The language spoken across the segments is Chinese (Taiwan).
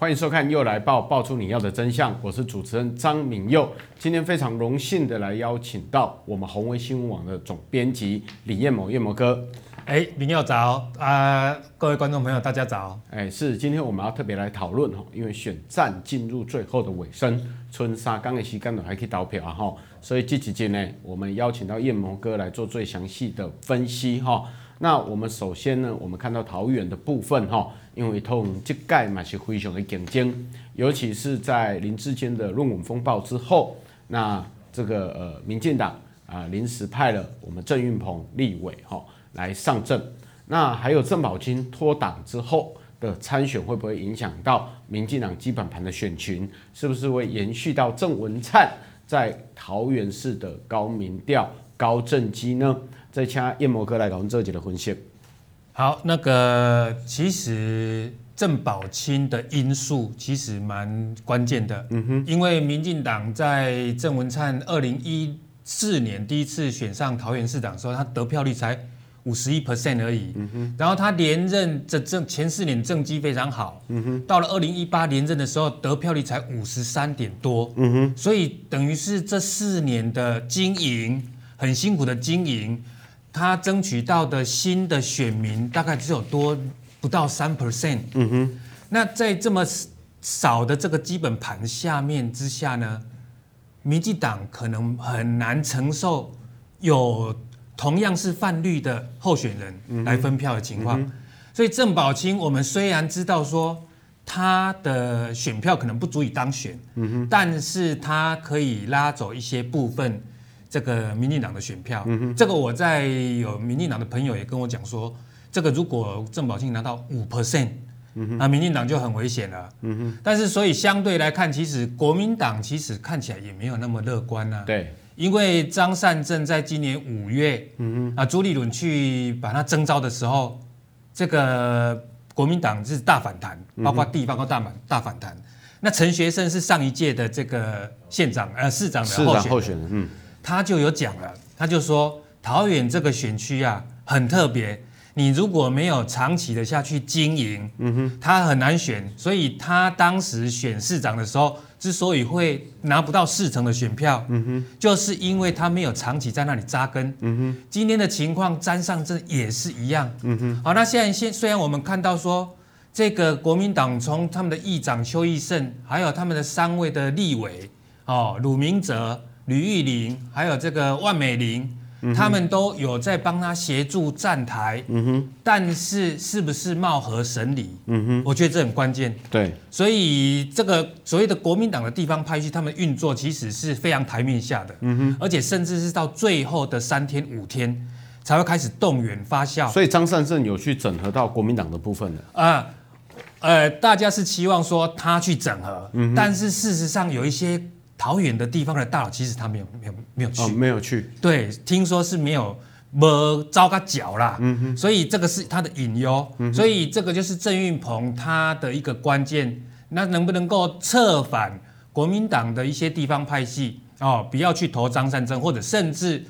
歡迎收看《祐來爆》，爆出你要的真相。我是主持人張銘祐，今天非常榮幸的來邀請到我們紘威新聞網的總編輯李彥謀，彥謀哥。哎，銘祐早啊！各位觀眾朋友，大家早。哎，是今天我們要特別來討論哈，因為選戰進入最後的尾聲，春殺剛也洗乾淨，還可以投票哈。所以這幾集呢，我們邀請到彥謀哥來做最詳細的分析哈。那我們首先呢，我們看到桃園的部分哈。因為通這屆嘛，是非常的競爭，尤其是在林智堅的論文風暴之後，那這個呃民進黨啊、呃、臨時派了我們鄭運鵬立委哈、哦、來上陣，那還有鄭寶金脫黨之後的參選會不會影響到民進黨基本盤的選群？是不是會延續到鄭文燦在桃園市的高民調高政績呢？再請彥謀哥來給我們的幾條好，那個其實鄭寶清的因素其實蠻關鍵的，嗯哼，因為民進黨在鄭文燦二零一四年第一次選上桃園市長的時候，他得票率才五十一 percent 而已，嗯哼，然後他連任這前四年政績非常好，嗯哼，到了二零一八連任的時候，得票率才五十三點多，嗯哼，所以等於是這四年的經營很辛苦的經營。他爭取到的新的選民大概只有多不到三 percent。嗯哼，那在這麼少的這個基本盤下面之下呢，民進黨可能很難承受有同樣是泛綠的候選人來分票的情況。嗯嗯、所以鄭寶清，我們雖然知道說他的選票可能不足以當選，嗯哼，但是他可以拉走一些部分。這個民進黨的選票，嗯、哼這個我在有民進黨的朋友也跟我講說，這個如果鄭寶清拿到五 percent，、嗯哼啊、民進黨就很危險了。嗯、哼但是所以相對來看，其實國民黨其實看起來也沒有那麼樂觀啊。對，因為張善政在今年五月，嗯、哼啊，朱立倫去把他徵召的時候，這個國民黨是大反彈，包括地方都大大反彈。嗯、哼那陳學聖是上一屆的這個縣長、有呃市長的市長候選的嗯。他就有講了，他就說桃園這個選區啊很特別，你如果沒有長期的下去經營，嗯哼，他很難選。所以他當時選市長的時候，之所以會拿不到四成的選票，嗯哼，就是因為他沒有長期在那裡扎根，嗯哼。今天的情況，張善政也是一樣，嗯哼。好，那現在現雖然我們看到說這個國民黨從他們的議長邱奕勝，還有他們的三位的立委，哦，魯明哲。呂玉玲，還有這個萬美玲，嗯、哼他們都有在幫他協助站台。嗯哼，但是是不是貌合神離？嗯哼，我覺得這很關鍵。對，所以這個所謂的國民黨的地方派系，他們運作其實是非常台面下的。嗯哼，而且甚至是到最後的三天五天才會開始動員發酵。所以張善政有去整合到國民黨的部分了啊，呃，呃，大家是期望說他去整合，嗯、哼但是事實上有一些。桃園的地方的大佬，其實他沒有、沒有、沒有去，沒有去。哦、有去對，聽說是沒有摸遭他腳啦。嗯哼所以這個是他的隱憂。嗯、哼所以這個就是鄭運鵬他的一個關鍵。那能不能夠策反國民黨的一些地方派系哦，不要去投張善政，或者甚至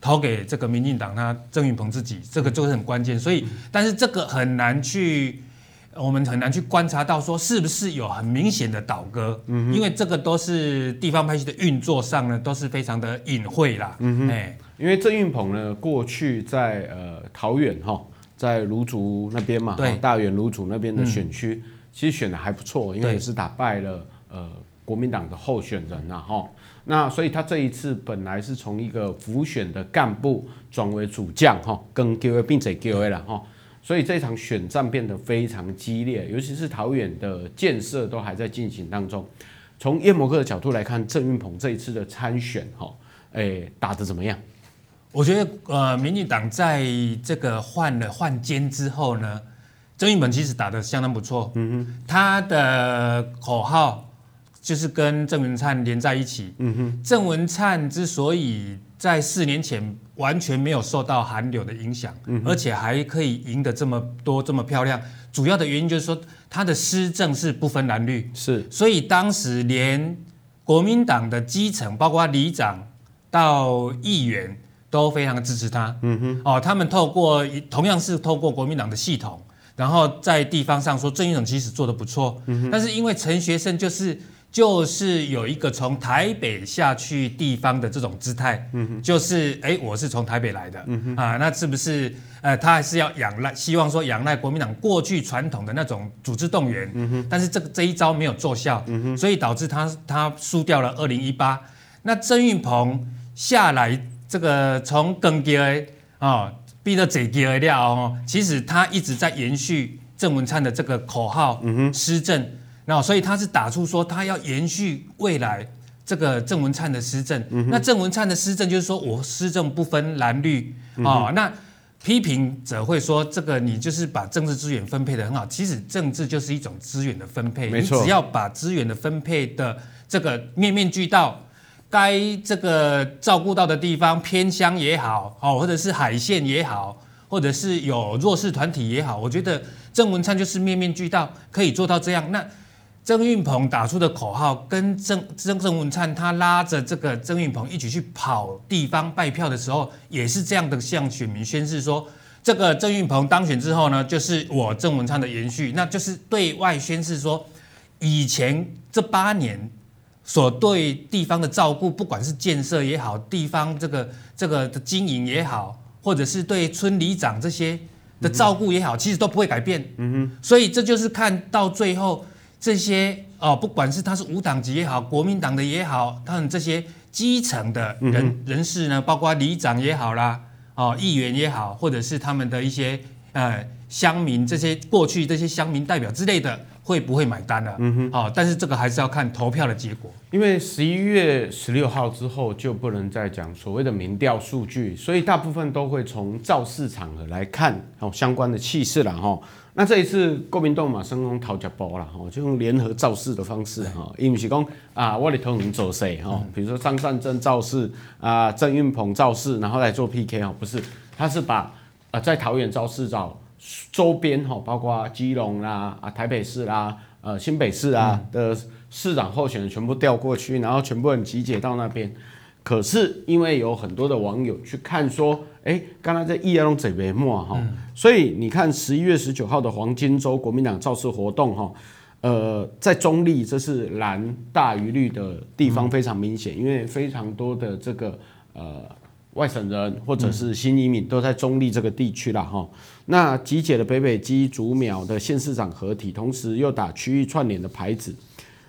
投給這個民進黨他？他鄭運鵬自己，這個就是很關鍵。所以，嗯、但是這個很難去。我們很難去觀察到說是不是有很明顯的倒戈，嗯、哼因為這個都是地方派系的運作上呢，都是非常的隱晦啦，嗯哼，嘿因為鄭運鵬呢，過去在呃桃園哈、哦，在蘆竹那邊嘛，對哦、大園蘆竹那邊的選區，嗯、其實選的還不錯，因為也是打敗了呃國民黨的候選人啦、啊、哈、哦，那所以他這一次本來是從一個輔選的幹部轉為主將哈、哦，更叫也變做叫，叫啦哈。對哦所以這場選戰變得非常激烈，尤其是桃園的建設都還在進行當中。從葉摩克的角度來看，鄭運鵬這一次的參選，哈，哎，打得怎麼樣？我覺得，呃，民進黨在這個換了換肩之後呢，鄭運鵬其實打得相當不錯。嗯哼，他的口號就是跟鄭文燦連在一起。嗯哼，鄭文燦之所以在四年前完全沒有受到韓流的影響，嗯、哼而且還可以贏得這麼多這麼漂亮，主要的原因就是說他的施政是不分藍綠，是，所以當時連國民黨的基層，包括里長到議員都非常支持他，嗯哼，哦，他們透過同樣是透過國民黨的系統，然後在地方上說鄭英勇其實做得不錯，嗯、哼但是因為陳學聖就是。就是有一個從台北下去地方的這種姿態，嗯、哼就是、欸、我是從台北來的、嗯、哼啊，那是不是呃，他還是要仰賴，希望說仰賴國民黨過去傳統的那種組織動員，嗯、哼但是這個這一招沒有奏效，嗯、哼所以導致他他輸掉了二零一八。那鄭運鵬下來這個從根階啊，逼、哦、到嘴階了哦，其實他一直在延續鄭文燦的這個口號，嗯、哼施政。那所以他是打出說他要延續未來這個鄭文燦的施政，嗯、哼那鄭文燦的施政就是說，我施政不分藍綠啊、嗯哼哦。那批評者會說這個，你就是把政治資源分配得很好，其實政治就是一種資源的分配，沒錯。你只要把資源的分配的這個面面俱到，該這個照顧到的地方偏鄉也好，好或者是海線也好，或者是有弱勢團體也好，我覺得鄭文燦就是面面俱到，可以做到這樣。那鄭運鵬打出的口號，跟鄭鄭文燦他拉着這個鄭運鵬一起去跑地方拜票的時候，也是這樣的向選民宣示說：這個鄭運鵬當選之後呢，就是我鄭文燦的延續，那就是對外宣示說，以前這八年所對地方的照顧，不管是建設也好，地方這個這個的經營也好，或者是對村里長這些的照顧也好，其實都不會改變嗯。嗯哼，所以這就是看到最後。這些哦，不管是他是無黨籍也好，國民黨的也好，他們這些基層的人、嗯、哼人士呢，包括里長也好啦，哦，議員也好，或者是他們的一些呃鄉民，這些過去這些鄉民代表之類的。會不會買單呢、啊？嗯哼，好，但是這個還是要看投票的結果，因為十一月十六號之後就不能再講所謂的民調數據，所以大部分都會從造勢場合來看哦相關的氣勢了哈。那這一次國民黨馬上龍桃夾包了哈，就用聯合造勢的方式哈，因為對是講啊，我的頭人做事哈，比如說張善政造勢啊，鄭運鵬造勢，然後來做 PK 哈，不是，他是把呃在桃園造勢造。周邊哈、哦，包括基隆啦、啊台北市啦、呃新北市啊的市長候選人全部調過去，然後全部集結到那邊。可是因為有很多的網友去看說，哎、欸，剛剛在 E L C M 啊哈，嗯、所以你看十一月十九號的黃金周國民黨造勢活動哈、哦，呃，在中壢這是藍大於綠的地方非常明顯，嗯、因為非常多的這個呃。外省人或者是新移民，都在中壢這個地區了哈。那集結了北北基竹苗的縣市長合體，同時又打區域串聯的牌子。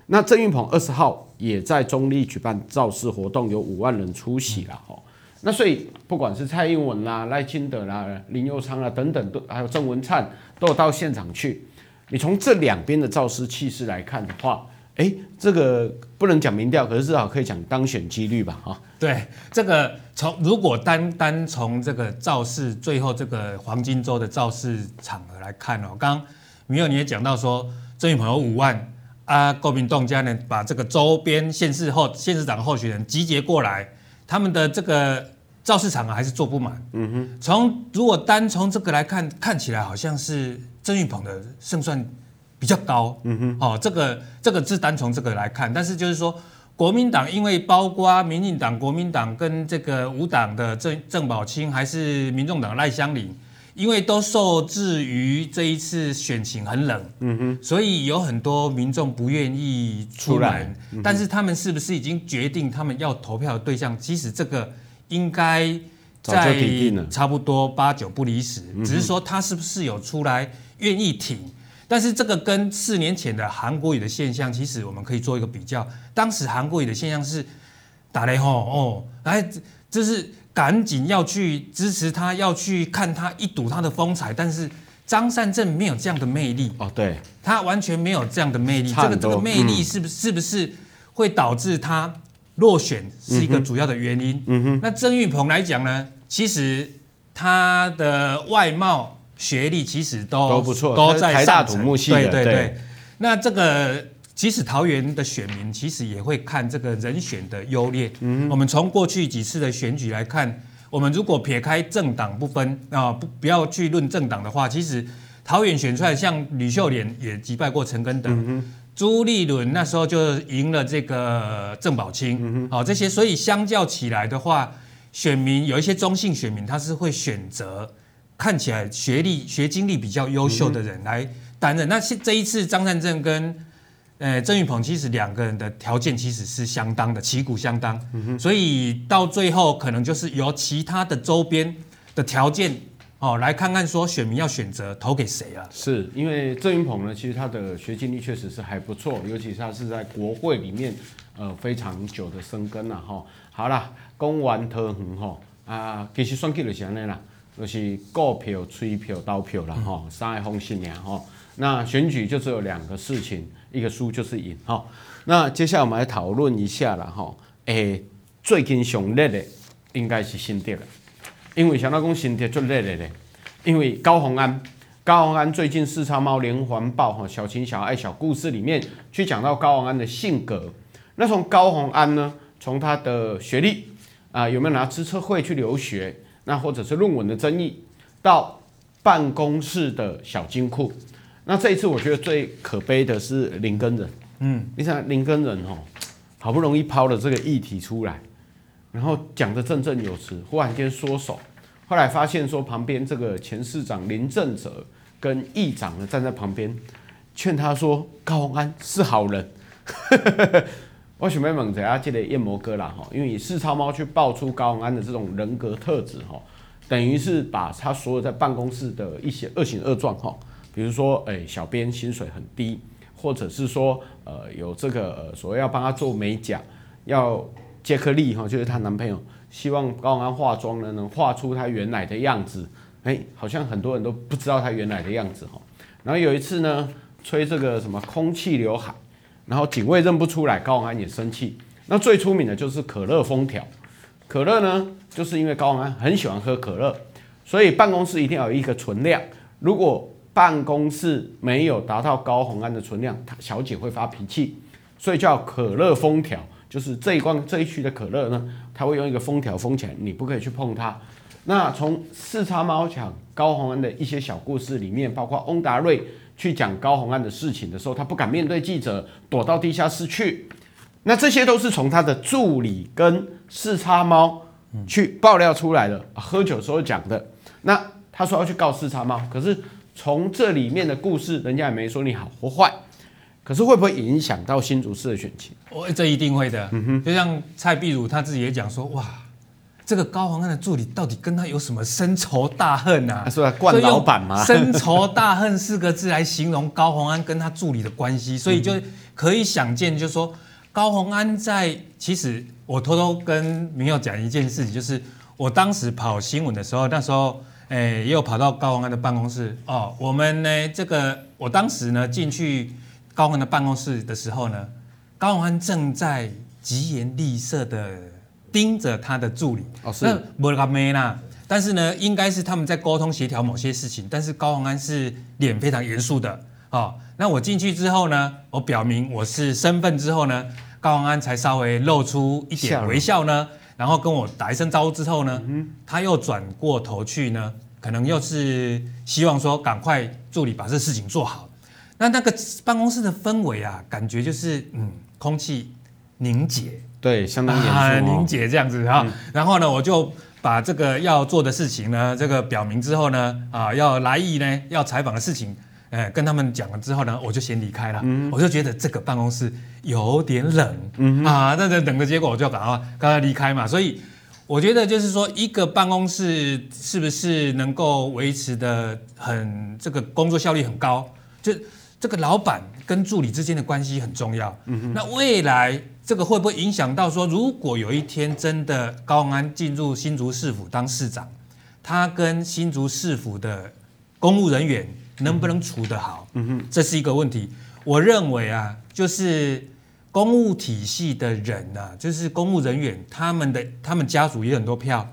那鄭運鵬二十號也在中壢舉辦造勢活動，有五萬人出席了哈。那所以不管是蔡英文啦、賴清德啦、林右昌啦等等，都還有鄭文燦都有到現場去。你從這兩邊的造勢氣勢來看的話，哎，這個不能講民調，可是至少可以講當選幾率吧？哈、哦，對，這個從如果單單從這個造勢最後這個黃金週的造勢場合來看哦，剛剛銘祐你也講到說鄭運鵬有五萬啊，國民黨家人把這個周邊縣市後縣市長候選人集結過來，他們的這個造勢場合還是坐不滿。嗯哼，從如果單從這個來看，看起來好像是鄭運鵬的勝算。比較高，嗯哼，哦，這個這個是單從這個來看，但是就是說，國民黨因為包括民進黨、國民黨跟這個無黨的鄭鄭寶清，還是民眾黨賴香伶，因為都受制於這一次選情很冷，嗯哼，所以有很多民眾不願意出來，出來嗯、但是他們是不是已經決定他們要投票的對象？其實這個應該在差不多八九不離十，只是說他是不是有出來願意挺。但是這個跟四年前的韓國瑜的現象，其實我們可以做一個比較。當時韓國瑜的現象是打雷吼哦，哎就是趕緊要去支持他，要去看他一睹他的風采。但是張善政沒有這樣的魅力哦，對，他完全沒有這樣的魅力。這個這個魅力是不是，是不是會導致他落選是一個主要的原因？嗯哼。那鄭運鵬來講呢，其實他的外貌。學歷其實都都不錯，都在台大土木系。對對對，對那這個其實桃園的選民其實也會看這個人選的優劣。嗯、哼我們從過去幾次的選舉來看，我們如果撇開政黨不分啊、哦，不不要去論政黨的話，其實桃園選出來像呂秀蓮也擊敗過陳根德，嗯、哼朱立倫那時候就贏了這個鄭寶清，好、哦、這些，所以相較起來的話，選民有一些中性選民，他是會選擇。看起來學歷、學經歷比較優秀的人來擔任、嗯哼。那這這一次張，張善政跟呃鄭運鵬，其實兩個人的條件其實是相當的，旗鼓相當。嗯、哼所以到最後，可能就是由其他的周邊的條件哦，來看看說選民要選擇投給誰啊？是因為鄭運鵬呢，其實他的學經歷確實是還不錯，尤其他是在國會裡面呃非常久的生根了哈。好了，公完特脫痕哈啊，其實算給了是安啦。就是狗票、催票、倒票了吼，三個紅新娘吼，那選舉就只有兩個事情，一個輸就是贏哈。那接下來我們來討論一下了吼，誒、欸，最近上熱的應該是新竹了，因為啥呢？講新竹最熱的呢？因為高虹安，高虹安最近四叉貓連環爆哈，小情小愛小故事裡面去講到高虹安的性格。那從高虹安呢，從他的學歷啊，有沒有拿資策會去留學？那或者是論文的爭議，到辦公室的小金庫。那這一次，我覺得最可悲的是林耕仁。嗯，你想林耕仁哦，好不容易拋了這個議題出來，然後講得振振有詞，忽然間縮手，後來發現說旁邊這個前市長林政則跟議長呢站在旁邊，勸他說高虹安是好人。 我想問問大家這個夜魔哥了哈，因為四叉貓去爆出高虹安的這種人格特質哈，等於是把他所有在辦公室的一些惡行惡狀哈，比如說哎、欸，小編薪水很低，或者是說呃有這個、呃、所謂要幫他做美甲，要接客力哈，就是她男朋友，希望高虹安化妝呢，能化出她原來的樣子，哎、欸，好像很多人都不知道她原來的樣子哈，然後有一次呢，吹這個什麼空氣劉海。然後警衛認不出來，高虹安也生氣。那最出名的就是可樂封條。可樂呢，就是因為高虹安很喜歡喝可樂，所以辦公室一定要有一個存量。如果辦公室沒有達到高虹安的存量，他小姐會發脾氣，所以叫可樂封條。就是這一罐這一區的可樂呢，他會用一個封條封起來，你不可以去碰它。那從四叉貓講高虹安的一些小故事裡面，包括翁達瑞。去講高虹安的事情的時候，他不敢面對記者，躲到地下室去。那這些都是從他的助理跟四叉貓去爆料出來的，嗯、喝酒的時候講的。那他說要去告四叉貓，可是從這裡面的故事，人家也沒說你好或壞。可是會不會影響到新竹市的選情？我、哦、這一定會的。嗯、哼就像蔡壁如他自己也講說，哇。這個高虹安的助理到底跟他有什麼深仇大恨啊？說慣老闆嘛？深仇大恨四個字來形容高虹安跟他助理的關係，所以就可以想見，就是說高虹安在。其實我偷偷跟銘祐講一件事情，就是我當時跑新聞的時候，那時候誒，又跑到高虹安的辦公室哦。我們呢，這個我當時呢進去高虹安的辦公室的時候呢，高虹安正在疾言厲色的。盯着他的助理，哦、是那莫，但是呢，應該是他們在溝通協調某些事情。但是高虹安是臉非常嚴肅的，哦，那我進去之後呢，我表明我是身份之後呢，高虹安才稍微露出一點微笑呢，了然後跟我打一聲招呼之後呢，嗯、哼他又轉過頭去呢，可能又是希望說趕快助理把這事情做好。那那個辦公室的氛圍啊，感覺就是嗯，空氣凝結。對，相當凝結、哦啊、這樣子、嗯、然後呢，我就把這個要做的事情呢，這個表明之後呢，啊，要來意呢，要採訪的事情，哎、呃，跟他們講了之後呢，我就先離開了。嗯、我就覺得這個辦公室有點冷，嗯、啊，那就等着結果我就趕快，趕快離開嘛。所以我覺得就是說，一個辦公室是不是能夠維持的很，這個工作效率很高，就這個老闆跟助理之間的關係很重要。嗯哼，那未來這個會不會影響到說，如果有一天真的高安進入新竹市府當市長，他跟新竹市府的公務人員能不能處得好？嗯哼，嗯哼，這是一個問題。我認為啊，就是公務體系的人呢、啊，就是公務人員，他們的他們家族也很多票。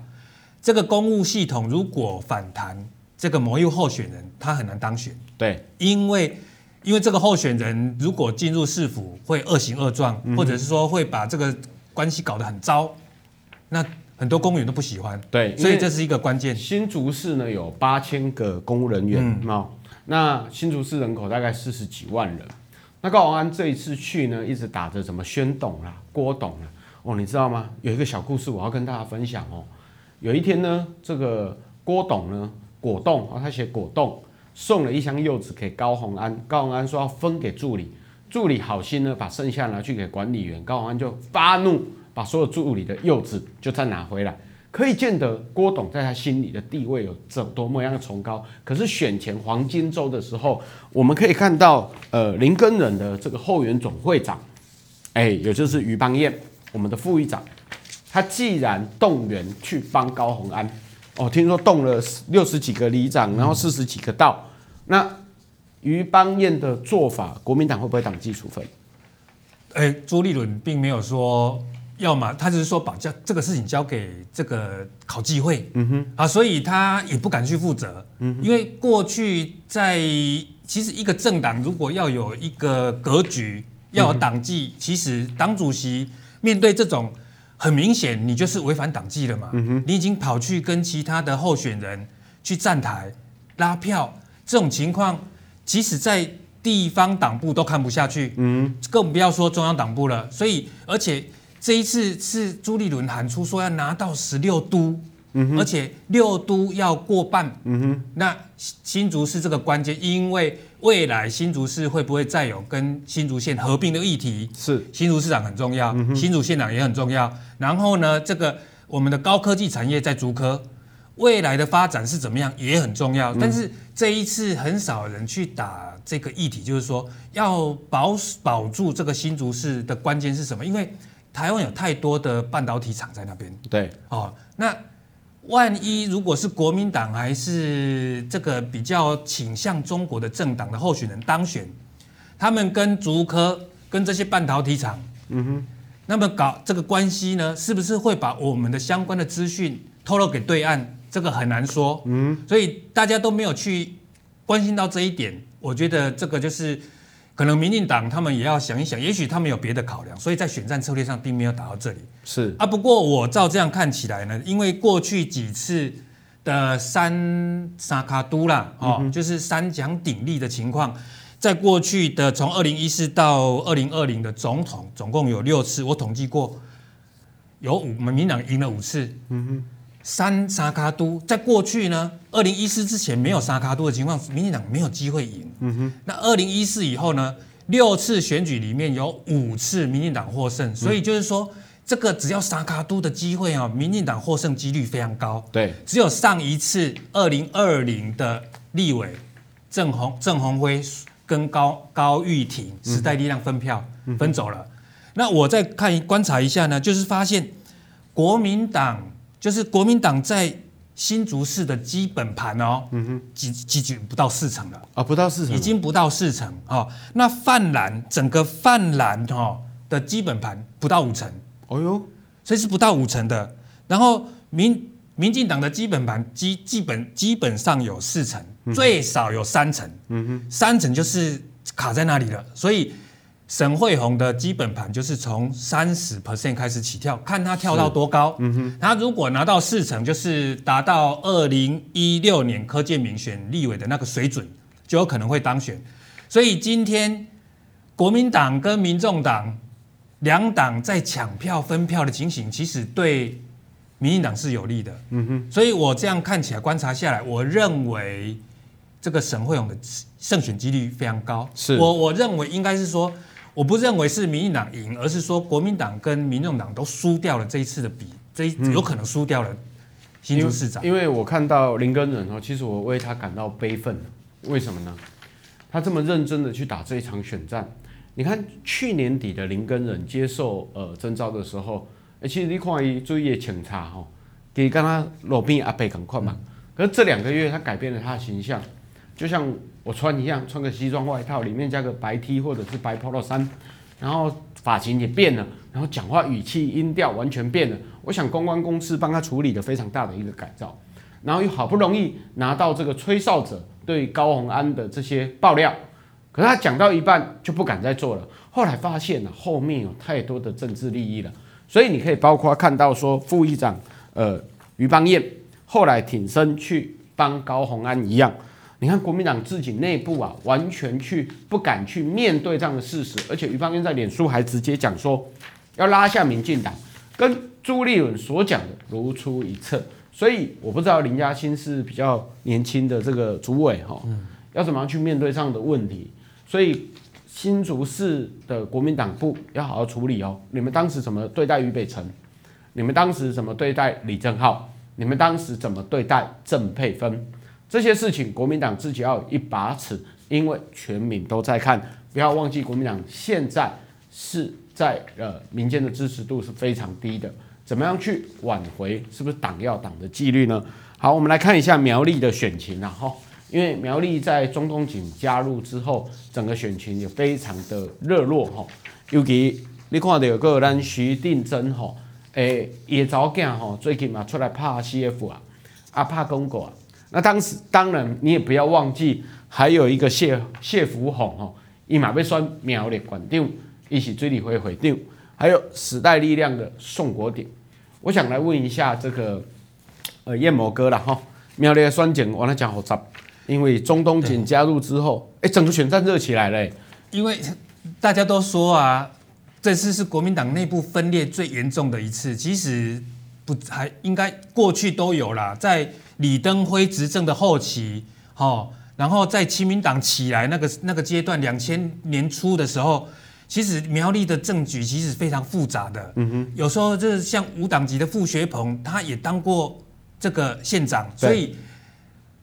這個公務系統如果反彈，這個某一候選人他很難當選。對，因為。因為這個候選人如果進入市府會惡形惡狀，嗯、哼或者是說會把這個關係搞得很糟，那很多公務員都不喜歡。對，所以這是一個關鍵。新竹市呢，有八千個公務人員，嗯、哦，那新竹市人口大概四十幾萬人。那高虹安這一次去呢，一直打着什麼宣董啦、郭董啦，哦，你知道嗎？有一個小故事我要跟大家分享哦。有一天呢，這個郭董呢，果凍啊、哦，他寫果凍。送了一箱柚子給高虹安，高虹安說要分給助理，助理好心呢，把剩下拿去給管理員，高虹安就發怒，把所有助理的柚子就再拿回來，可以見得郭董在他心裡的地位有著多麼樣的崇高。可是選前黃金周的時候，我們可以看到，呃，林耕仁的這個後援總會長，誒，也就是余邦彥，我們的副議長，他既然動員去幫高虹安。哦，聽說動了六十幾個里長，然後四十幾個道。嗯、那於邦彥的做法，國民黨會不會黨紀處分？哎、欸，朱立倫並沒有說要嘛，要麼他只是說把交這個事情交給這個考紀會。嗯哼，啊，所以他也不敢去負責。嗯、哼因為過去在其實一個政黨如果要有一個格局，要有黨紀，嗯、哼其實黨主席面對這種。很明顯，你就是違反黨紀了嘛。嗯、哼你已經跑去跟其他的候選人去站台拉票，這種情況，即使在地方黨部都看不下去，嗯，更不要說中央黨部了。所以，而且這一次是朱立倫喊出說要拿到十六都，嗯、哼而且六都要過半，嗯哼，那新竹是這個關鍵，因為。未來新竹市會不會再有跟新竹縣合併的議題？是新竹市長很重要，嗯、哼新竹縣長也很重要。然後呢，這個我們的高科技產業在竹科，未來的發展是怎麼樣也很重要。嗯、但是這一次很少人去打這個議題，就是說要保保住這個新竹市的關鍵是什麼？因為台灣有太多的半導體廠在那邊。對哦，那。萬一如果是國民黨還是這個比較傾向中國的政黨的候選人當選，他們跟竹科、跟這些半導體廠，嗯哼，那麼搞這個關係呢，是不是會把我們的相關的資訊透露給對岸？這個很難說，嗯，所以大家都沒有去關心到這一點，我覺得這個就是。可能民進黨他們也要想一想，也許他們有別的考量，所以在選戰策略上並沒有打到這裡。是啊，不過我照這樣看起來呢，因為過去幾次的三三腳督啦，嗯哼哦，就是三強鼎立的情況，在過去的從二零一四到二零二零的總統，總共有六次，我統計過，有五，我們民進黨贏了五次。嗯哼。三沙卡都，在過去呢，二零一四之前沒有沙卡都的情況，嗯、民進黨沒有機會贏。嗯哼。那二零一四以後呢，六次選舉裡面有五次民進黨獲勝，所以就是說，嗯、這個只要沙卡都的機會啊，民進黨獲勝機率非常高。對，只有上一次二零二零的立委鄭宏鄭宏輝跟高高玉婷時代力量分票分走了。嗯、哼那我再看一觀察一下呢，就是發現國民黨。就是國民黨在新竹市的基本盤哦，嗯哼，幾幾幾不到四成了啊，不到四成，已經不到四成，嗯、哦。那泛藍整個泛藍哈、哦、的基本盤不到五成，哦呦，所以是不到五成的。然後民民進黨的基本盤基基本基本上有四成，嗯哼，最少有三成，嗯哼，三成就是卡在那裡了，所以。沈慧虹的基本盤就是從三十 percent 開始起跳，看他跳到多高。嗯哼，他如果拿到四成，就是達到二零一六年柯建銘選立委的那個水準，就有可能會當選。所以今天國民黨跟民眾黨兩黨在搶票分票的情形，其實對民進黨是有利的。嗯哼，所以我這樣看起來觀察下來，我認為這個沈慧虹的勝選幾率非常高。是，我我認為應該是說。我不認為是民進黨贏，而是說國民黨跟民眾黨都輸掉了這一次的比，這有可能輸掉了新竹市長，嗯因，因為我看到林耕仁哦，其實我為他感到悲憤，為什麼呢？他這麼認真的去打這一場選戰，你看去年底的林耕仁接受呃徵召的時候，欸、其實你看一注意觀察哈，給剛剛羅賓阿伯講快嘛，嗯、可是這兩個月他改變了他的形象，就像。我穿一樣，穿個西裝外套，裡面加個白 T 或者是白 polo 衫，然後髮型也變了，然後講話語氣音調完全變了。我想公關公司幫他處理了非常大的一個改造，然後又好不容易拿到這個吹哨者對高虹安的這些爆料，可是他講到一半就不敢再做了。後來發現了後面有太多的政治利益了，所以你可以包括看到說副議長呃余邦彥後來挺身去幫高虹安一樣。你看國民黨自己內部啊，完全去不敢去面對這樣的事實，而且於方元在臉書還直接講說要拉下民進黨，跟朱立倫所講的如出一轍。所以我不知道林家興是比較年輕的這個主委哈、喔，要怎麼樣去面對這樣的問題。所以新竹市的國民黨部要好好處理哦、喔。你們當時怎麼對待於北辰？你們當時怎麼對待李正皓？你們當時怎麼對待鄭佩芬？這些事情，國民黨自己要有一把尺，因為全民都在看。不要忘記，國民黨現在是在呃民間的支持度是非常低的，怎麼樣去挽回？是不是黨要黨的紀律呢？好，我們來看一下苗栗的選情啊哈，因為苗栗在中東警加入之後，整個選情也非常的熱絡，哈，尤其你看到個人徐定珍，哈、欸，誒，也走勁，最近嘛出來怕 CF 啊，啊，拍公狗啊。那當時當然，你也不要忘記，還有一個謝謝福弘哦，伊嘛欲選苗栗，縣長，伊是水利會會長。還有時代力量的宋國鼎，我想來問一下這個呃彥謀哥了哈，苗栗選情，我來講好複雜，因為鍾東錦加入之後，哎、嗯欸，整個選戰熱起來嘞、欸、因為大家都說啊，這次是國民黨內部分裂最嚴重的一次，其實不還應該過去都有啦，在。李登輝執政的後期，好、哦，然後在親民黨起來那個那個階段，兩千年初的時候，其實苗栗的政局其實非常複雜的。嗯哼，有時候這像無黨籍的傅學鵬，他也當過這個縣長，所以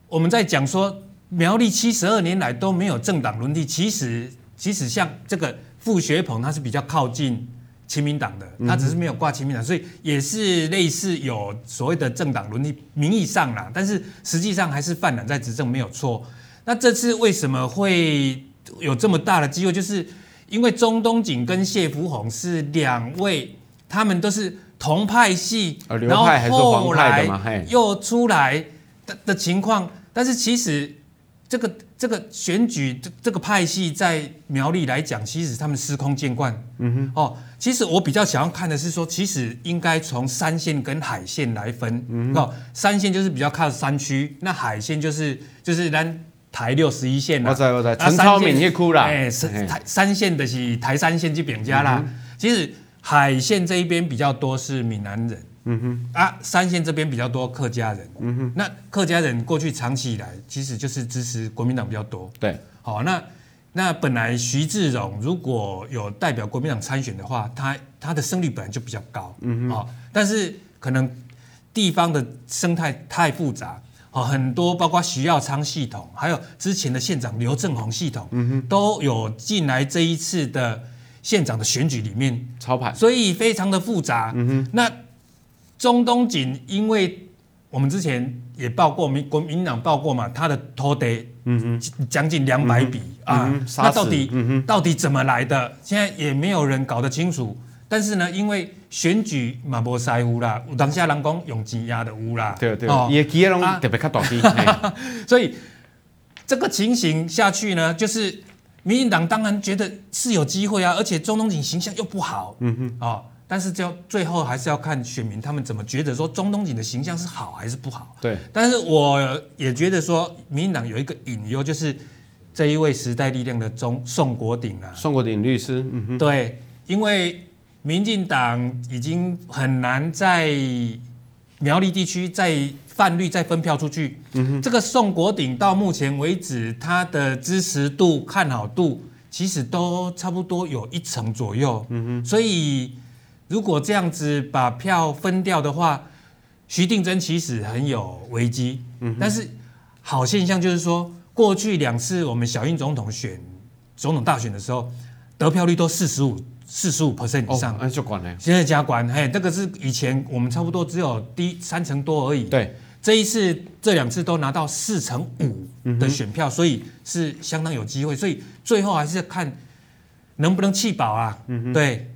我們在講說苗栗七十二年來都沒有政黨輪替，其實其實像這個傅學鵬，他是比較靠近。親民黨的，他只是沒有掛親民黨，嗯、哼所以也是類似有所謂的政黨輪替，名義上啦，但是實際上還是泛藍在執政沒有錯。那這次為什麼會有這麼大的機會？就是因為鍾東錦跟謝福弘是兩位，他們都是同派系，啊、劉派還是黃派，然後後來又出來的的情況，但是其實這個。這個選舉，這這個派系在苗栗來講，其實他們司空見慣。嗯哼，哦，其實我比較想要看的是說，其實應該從三線跟海線來分。哦、嗯哼，三線就是比較靠山區，那海線就是就是咱台六十一線啦。陳超敏一哭啦，哎，是台三線的，是台三線去扁家啦。嗯、哼其實海線這一邊比較多是閩南人。嗯哼啊，三線這邊比較多客家人，嗯哼，那客家人過去長期以來其實就是支持國民黨比較多，對，好、哦，那那本來徐志榮如果有代表國民黨參選的話，他他的勝率本來就比較高，嗯嗯哼，好、哦，但是可能地方的生態太複雜，好、哦，很多包括徐耀昌系統，還有之前的縣長劉政鴻系統，嗯哼，都有進來這一次的縣長的選舉裡面操盤盤，所以非常的複雜，嗯哼，那。鍾東錦因為，我們之前也報過民國民黨報過嘛，他的土地將近兩百筆啊、嗯，嗯嗯、那到底到底怎麼來的？現在也沒有人搞得清楚。但是呢，因為選舉滿波塞烏啦，當下藍光用吉壓的烏啦，對，對對，也基隆特別卡短，所以這個情形下去呢，就是民進黨當然覺得是有機會啊，而且鍾東錦形象又不好，嗯哼，哦。但是，就最後還是要看選民他們怎麼覺得說，鍾東錦的形象，是好還是不好，啊？對。但是，我也覺得說，民進黨有一個隱憂，就是這一位時代力量的中宋國鼎、啊、宋國鼎律師，嗯哼，對，因為民進黨已經很難在苗栗地區再泛綠，再分票出去。嗯哼，這個宋國鼎到目前為止，他的支持度、看好度其實都差不多有一成左右。嗯哼，所以。如果這樣子把票分掉的話，徐定禎其實很有危機。嗯哼，但是好現象就是說，過去兩次我們小英總統選總統大選的時候，得票率都四十五、四十五 percent 以上，就了、哦。欸、現在加關，哎，這、那個是以前我們差不多只有低三成多而已。對、嗯哼，這一次這兩次都拿到四成五的選票，嗯、哼所以是相當有機會。所以最後還是要看能不能棄保啊。嗯哼，對。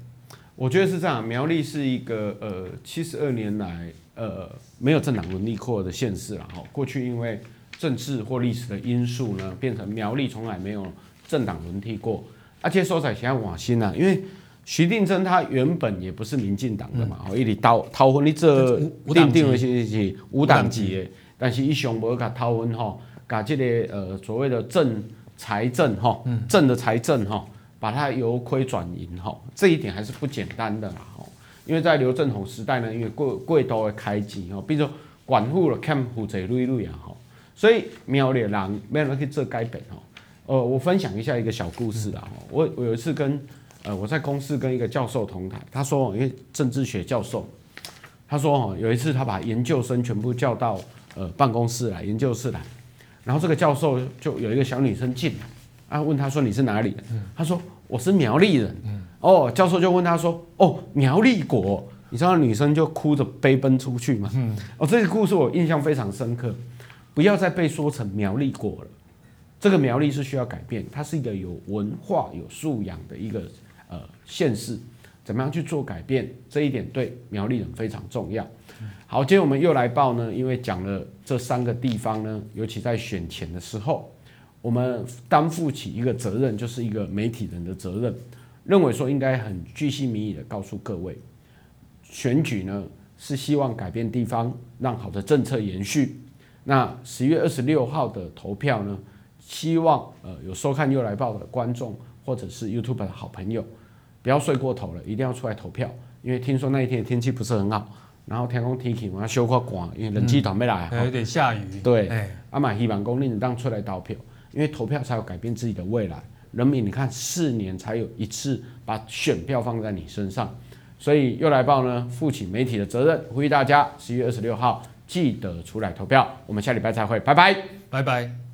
我覺得是這樣，苗栗是一個呃七十二年來呃沒有政黨輪替過的縣市啦。吼，過去因為政治或歷史的因素呢，變成苗栗從來沒有政黨輪替過。而且說起來，我心吶，因為徐定禎他原本也不是民進黨的嘛，吼、嗯，伊嚜倒掏分咧做這，定定為是是無黨籍的，的但是伊上無佮掏分吼，佮即、這個呃所謂的政財政哈、哦，嗯、政的財政哈、哦。把它由虧轉盈吼，這一點還是不簡單的啦。因為在劉政鴻時代呢，因為貴貴都會開機，比如說管護了看負債累累啊，所以苗栗人沒人可以做改變吼。呃，我分享一下一個小故事啦。我我有一次跟呃我在公司跟一個教授同台，他說因為政治學教授，他說哦有一次他把研究生全部叫到呃辦公室來、研究室來，然後這個教授就有一個小女生進來。啊！問他說你是哪裡的？嗯、他說我是苗栗人。嗯、哦，教授就問他說：“哦，苗栗國？”你知道女生就哭着飛奔出去嗎？嗯、哦，這個故事我印象非常深刻。不要再被說成苗栗國了，這個苗栗是需要改變。它是一個有文化、有素養的一個呃縣市，怎麼樣去做改變？這一點對苗栗人非常重要。嗯、好，今天我們又來報呢，因為講了這三個地方呢，尤其在選前的時候。我們擔負起一個責任，就是一個媒體人的責任，認為說應該很居心民意的告訴各位，選舉呢是希望改變地方，讓好的政策延續。那十一月二十六號的投票呢，希望呃有收看《祐來爆》的觀眾或者是 YouTube 的好朋友，不要睡過頭了，一定要出來投票，因為聽說那一天的天氣不是很好，然後天空天氣嘛修可光，因為冷氣團沒來，有點下雨。對，阿媽希望公民黨出來投票。因為投票才有改變自己的未來，人民，你看四年才有一次把選票放在你身上，所以祐來爆呢，負起媒體的責任，呼籲大家十一月二十六號記得出來投票，我們下禮拜再會，拜拜，拜拜。